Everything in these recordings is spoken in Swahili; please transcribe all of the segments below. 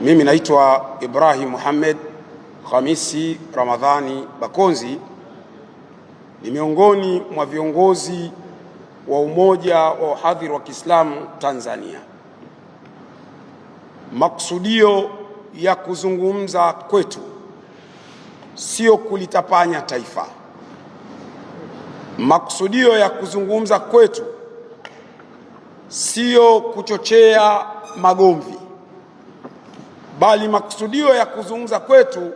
Mimi naitwa Ibrahim Muhammad Khamisi Ramadhani Bakonzi, ni miongoni mwa viongozi wa Umoja wa Wahadhiri wa Kiislamu Tanzania. Makusudio ya kuzungumza kwetu sio kulitapanya taifa. Makusudio ya kuzungumza kwetu sio kuchochea magomvi bali makusudio ya kuzungumza kwetu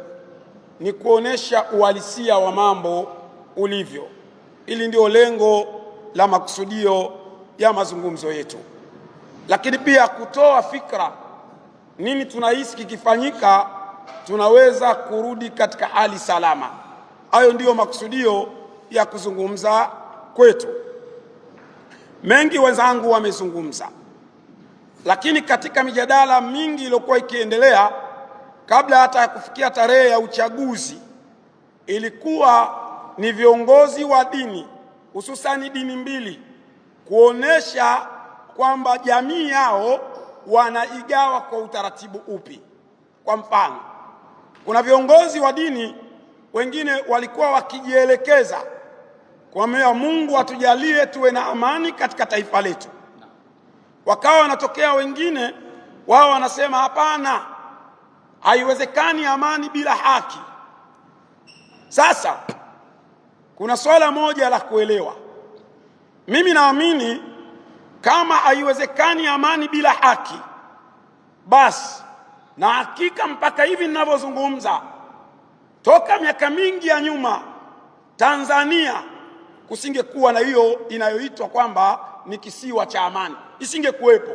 ni kuonesha uhalisia wa mambo ulivyo. Hili ndio lengo la makusudio ya mazungumzo yetu, lakini pia kutoa fikra, nini tunahisi kikifanyika tunaweza kurudi katika hali salama. Hayo ndiyo makusudio ya kuzungumza kwetu. Mengi wenzangu wamezungumza, lakini katika mijadala mingi iliyokuwa ikiendelea kabla hata ya kufikia tarehe ya uchaguzi, ilikuwa ni viongozi wa dini hususani dini mbili kuonesha kwamba jamii yao wanaigawa kwa utaratibu upi. Kwa mfano, kuna viongozi wa dini wengine walikuwa wakijielekeza mea Mungu atujalie tuwe na amani katika taifa letu Wakawa wanatokea wengine, wao wanasema hapana, haiwezekani amani bila haki. Sasa kuna swala moja la kuelewa. Mimi naamini kama haiwezekani amani bila haki, basi na hakika mpaka hivi ninavyozungumza, toka miaka mingi ya nyuma Tanzania kusingekuwa na hiyo inayoitwa kwamba ni kisiwa cha amani isingekuwepo.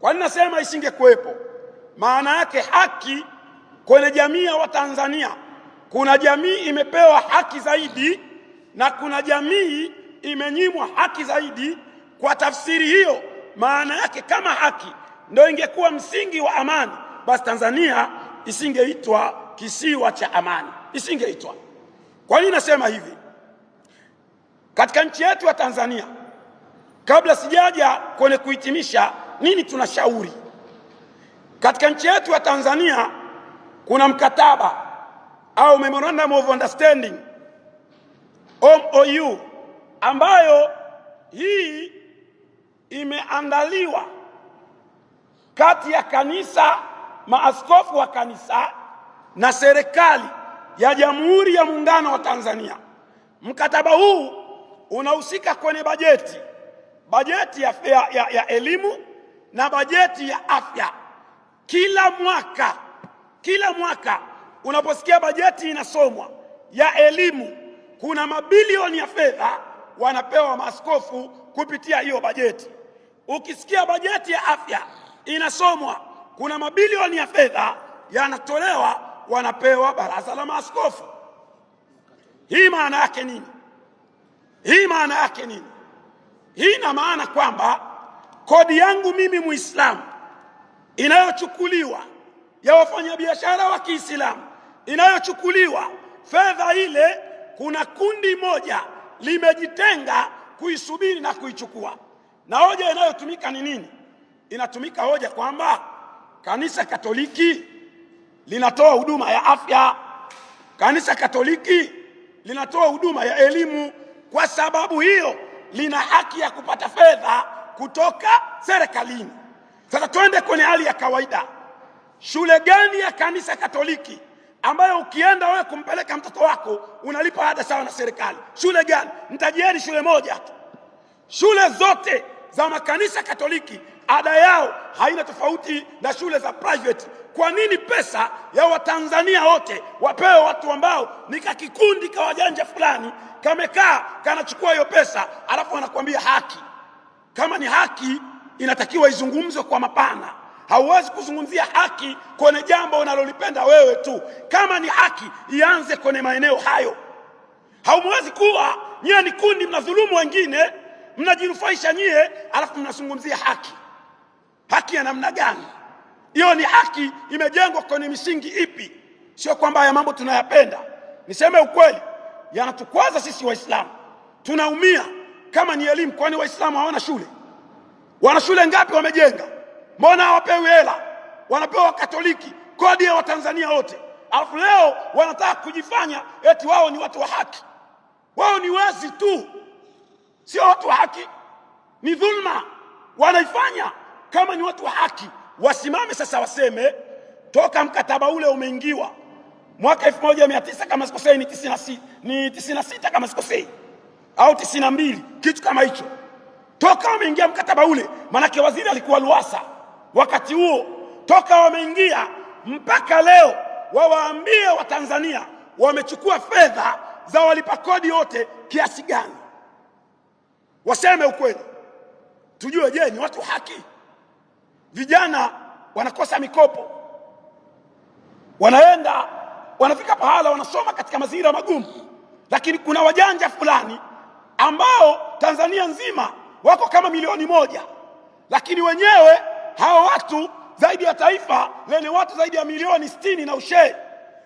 Kwa nini nasema isingekuwepo? Maana yake haki kwenye jamii ya Watanzania, kuna jamii imepewa haki zaidi na kuna jamii imenyimwa haki zaidi. Kwa tafsiri hiyo, maana yake kama haki ndio ingekuwa msingi wa amani, basi Tanzania isingeitwa kisiwa cha amani, isingeitwa. Kwa nini nasema hivi? Katika nchi yetu ya Tanzania Kabla sijaja kwenye kuhitimisha, nini tunashauri katika nchi yetu ya Tanzania? Kuna mkataba au memorandum of understanding MOU, ambayo hii imeandaliwa kati ya kanisa, maaskofu wa kanisa na serikali ya Jamhuri ya Muungano wa Tanzania. Mkataba huu unahusika kwenye bajeti bajeti ya, ya, ya elimu na bajeti ya afya. Kila mwaka kila mwaka unaposikia bajeti inasomwa ya elimu, kuna mabilioni ya fedha wanapewa maaskofu kupitia hiyo bajeti. Ukisikia bajeti ya afya inasomwa, kuna mabilioni ya fedha yanatolewa wanapewa baraza la maaskofu. Hii maana yake nini? Hii maana yake nini? Hii ina maana kwamba kodi yangu mimi Muislamu inayochukuliwa ya wafanyabiashara wa Kiislamu inayochukuliwa fedha ile, kuna kundi moja limejitenga kuisubiri na kuichukua. Na hoja inayotumika ni nini? Inatumika hoja kwamba kanisa Katoliki linatoa huduma ya afya, kanisa Katoliki linatoa huduma ya elimu. Kwa sababu hiyo lina haki ya kupata fedha kutoka serikalini. Sasa twende kwenye hali ya kawaida, shule gani ya kanisa Katoliki ambayo ukienda wewe kumpeleka mtoto wako unalipa ada sawa na serikali? Shule gani? Nitajieni shule moja tu. Shule zote za makanisa Katoliki ada yao haina tofauti na shule za private kwa nini pesa ya Watanzania wote wapewe watu ambao ni ka kikundi ka wajanja fulani kamekaa kanachukua hiyo pesa, alafu anakuambia haki? Kama ni haki inatakiwa izungumzwe kwa mapana. Hauwezi kuzungumzia haki kwenye jambo unalolipenda wewe tu. Kama ni haki ianze kwenye maeneo hayo. Haumwezi kuwa nyie ni kundi mnadhulumu wengine, mnajinufaisha nyie, alafu mnazungumzia haki. Haki ya namna gani? hiyo ni haki, imejengwa kwenye misingi ipi? Sio kwamba haya mambo tunayapenda. Niseme ukweli, yanatukwaza sisi Waislamu, tunaumia. Kama ni elimu, kwani Waislamu hawana shule? Wana shule ngapi wamejenga? Mbona hawapewi hela? Wanapewa Wakatoliki, kodi ya Watanzania wote, alafu leo wanataka kujifanya eti wao ni watu wa haki. Wao ni wezi tu, sio watu wa haki. Ni dhulma wanaifanya kama ni watu wa haki wasimame sasa waseme toka mkataba ule umeingiwa mwaka elfu moja mia kama sikosei ni 96 sita, ni 96 kama sikosei au 92 mbili kitu kama hicho, toka wameingia mkataba ule, manake waziri alikuwa Luasa wakati huo, toka wameingia mpaka leo, wawaambie Watanzania wamechukua fedha za walipa kodi wote kiasi gani, waseme ukweli tujue. Je, ni watu haki? Vijana wanakosa mikopo, wanaenda wanafika pahala wanasoma katika mazingira magumu, lakini kuna wajanja fulani ambao Tanzania nzima wako kama milioni moja, lakini wenyewe hawa watu zaidi ya taifa lenye watu zaidi ya milioni sitini na ushee,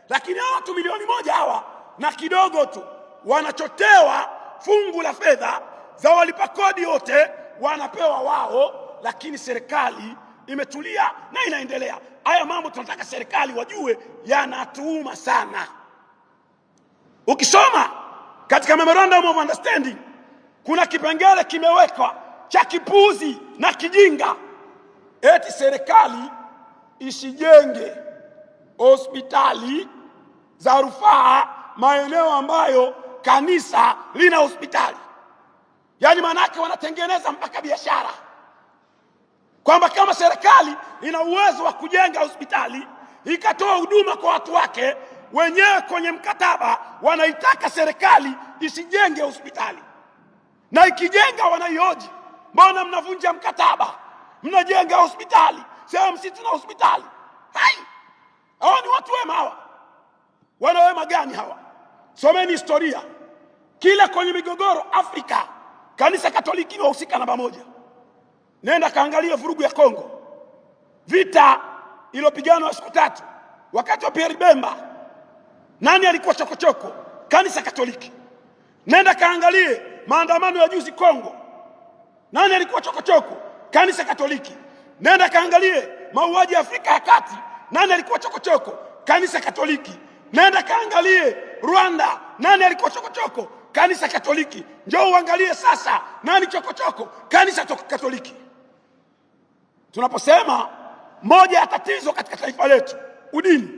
lakini hawa watu milioni moja hawa na kidogo tu wanachotewa fungu la fedha za walipa kodi wote, wanapewa wao, lakini serikali imetulia na inaendelea. Haya mambo tunataka serikali wajue, yanatuuma sana. Ukisoma katika memorandum of understanding kuna kipengele kimewekwa cha kipuzi na kijinga, eti serikali isijenge hospitali za rufaa maeneo ambayo kanisa lina hospitali. Yaani maanake wanatengeneza mpaka biashara kwamba kama serikali ina uwezo wa kujenga hospitali ikatoa huduma kwa watu wake wenyewe, kwenye mkataba wanaitaka serikali isijenge hospitali, na ikijenga wanaioji, mbona mnavunja mkataba, mnajenga hospitali sehemu si tuna hospitali? Hai, hawa ni watu wema hawa? Wana wema gani hawa? Someni historia, kila kwenye migogoro Afrika kanisa Katoliki wahusika namba moja. Nenda kaangalia vurugu ya Kongo, vita iliyopiganwa siku tatu, wakati wa Pierre Bemba, nani alikuwa chokochoko? Kanisa Katoliki. Nenda kaangalie maandamano ya juzi Kongo, nani alikuwa chokochoko? Kanisa Katoliki. Nenda kaangalie mauaji ya Afrika ya Kati, nani alikuwa chokochoko? Kanisa Katoliki. Nenda kaangalie Rwanda, nani alikuwa chokochoko? Kanisa Katoliki. Njoo uangalie sasa, nani chokochoko? Kanisa Katoliki. Tunaposema moja ya tatizo katika taifa letu udini,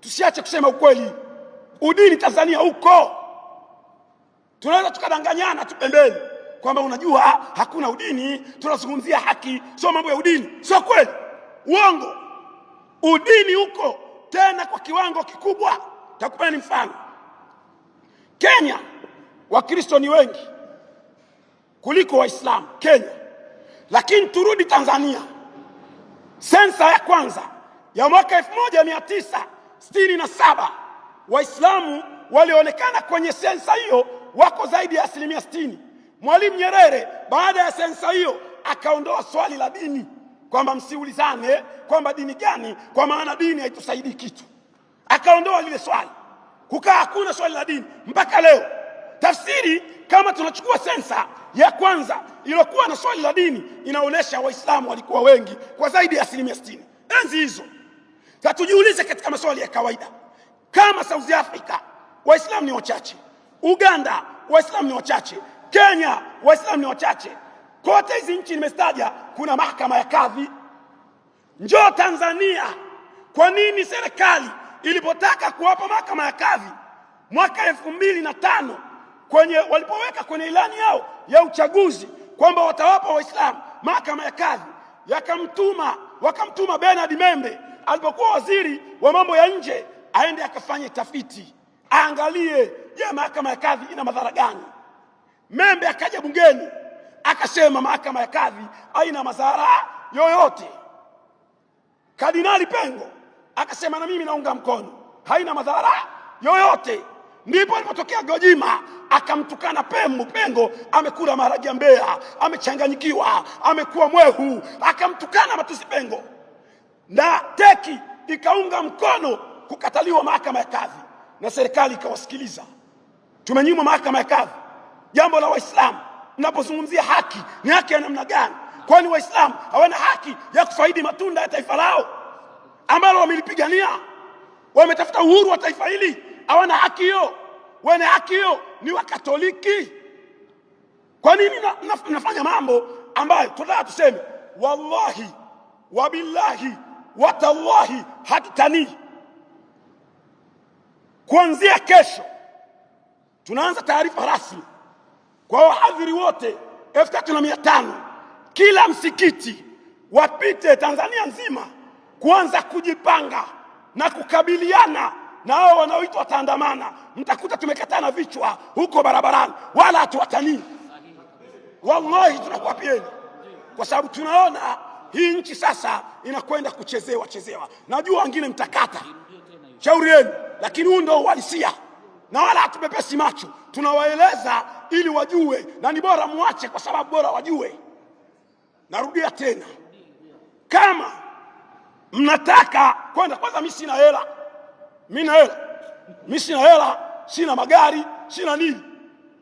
tusiache kusema ukweli. Udini Tanzania uko, tunaweza tukadanganyana tu pembeni kwamba unajua ah, hakuna udini, tunazungumzia haki, sio mambo ya udini. Sio kweli, uongo. Udini uko tena kwa kiwango kikubwa. Takupeni mfano, Kenya Wakristo ni wengi kuliko Waislamu Kenya lakini turudi Tanzania, sensa ya kwanza ya mwaka saba Waislamu walionekana kwenye sensa hiyo wako zaidi ya asilimia 60. Mwalimu Nyerere baada ya sensa hiyo akaondoa swali la dini kwamba msiulizane kwamba dini gani, kwa maana dini haitusaidii kitu. Akaondoa lile swali, kukaa hakuna swali la dini mpaka leo. Tafsiri kama tunachukua sensa ya kwanza iliyokuwa na swali la dini, inaonyesha Waislamu walikuwa wengi kwa zaidi ya asilimia sitini enzi hizo. Tatujiulize katika maswali ya kawaida, kama South Africa Waislamu ni wachache, Uganda Waislamu ni wachache, Kenya Waislamu ni wachache. Kote hizi nchi nimestaja kuna mahakama ya kadhi. Njoo Tanzania, kwa nini serikali ilipotaka kuwapa mahakama ya kadhi mwaka elfu mbili na tano kwenye walipoweka kwenye ilani yao ya uchaguzi kwamba watawapa Waislamu mahakama ya kadhi, yakamtuma wakamtuma Bernard Membe alipokuwa waziri wa mambo ya nje aende akafanye tafiti aangalie, je, mahakama ya kadhi ina madhara gani? Membe akaja bungeni akasema mahakama ya kadhi haina madhara yoyote. Kardinali Pengo akasema na mimi naunga mkono, haina madhara yoyote. Ndipo alipotokea Gwajima akamtukana Pembu. Pengo amekula maharage ya Mbeya, amechanganyikiwa, amekuwa mwehu, akamtukana matusi Pengo, na teki ikaunga mkono kukataliwa mahakama ya kadhi, na serikali ikawasikiliza. Tumenyimwa mahakama ya kadhi. Jambo la Waislamu, mnapozungumzia haki ni haki ya namna gani? Kwani Waislamu hawana haki ya kufaidi matunda ya taifa lao ambalo wamelipigania? Wametafuta uhuru wa taifa hili hawana haki hiyo. wana haki hiyo ni Wakatoliki. Kwa nini mnafanya mambo ambayo tunataka tuseme wallahi wabillahi watallahi hatutanii. Kuanzia kesho tunaanza taarifa rasmi kwa wahadhiri wote elfu tatu na mia tano kila msikiti wapite Tanzania nzima kuanza kujipanga na kukabiliana na hao wanaoitwa wataandamana, mtakuta tumekatana na vichwa huko barabarani, wala hatuwatanii. Wallahi tunakuapieni, kwa sababu tunaona hii nchi sasa inakwenda kuchezewa chezewa. Najua wengine mtakata, shauri yenu, lakini huu ndio uhalisia na wala hatupepesi macho, tunawaeleza ili wajue, na ni bora muache, kwa sababu bora wajue. Narudia tena, kama mnataka kwenda kwanza, mimi sina hela mimi na hela, mimi sina hela, sina magari, sina nini.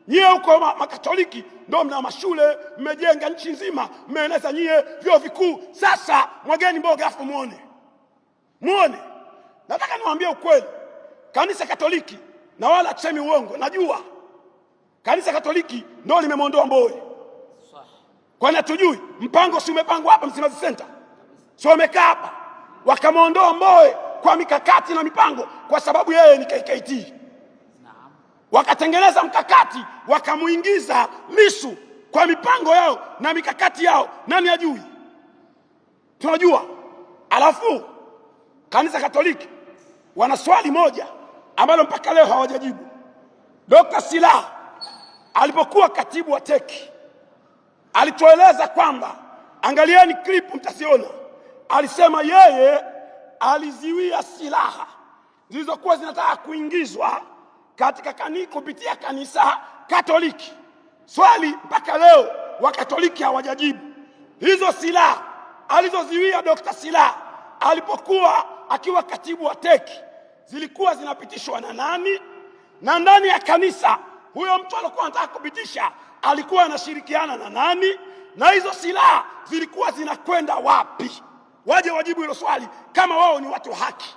Nyie huko Makatoliki ndio mna mashule, mmejenga nchi nzima, mmeeneza nyie vyuo vikuu. Sasa mwageni mboga, afu muone muone. Nataka niwaambie ukweli, kanisa Katoliki na wala tusemi uongo, najua kanisa Katoliki ndio limemwondoa Mbowe, kwani hatujui? Mpango si umepangwa hapa Msimbazi Center, si wamekaa hapa wakamwondoa Mbowe kwa mikakati na mipango, kwa sababu yeye ni KKT. Wakatengeneza mkakati, wakamuingiza Lisu kwa mipango yao na mikakati yao, nani ajui? Tunajua. Alafu kanisa Katoliki wana swali moja ambalo mpaka leo hawajajibu. Dr. Sila alipokuwa katibu wa teki alitueleza kwamba, angalieni clip mtaziona, alisema yeye aliziwia silaha zilizokuwa zinataka kuingizwa katika kani, kupitia kanisa Katoliki. Swali mpaka leo Wakatoliki hawajajibu hizo silaha alizoziwia Dokta Silaa alipokuwa akiwa katibu wa teki zilikuwa zinapitishwa na nani? Na ndani ya kanisa huyo mtu alikuwa anataka kupitisha alikuwa anashirikiana na nani? Na hizo silaha zilikuwa zinakwenda wapi? waje wajibu hilo swali kama wao ni watu wa haki.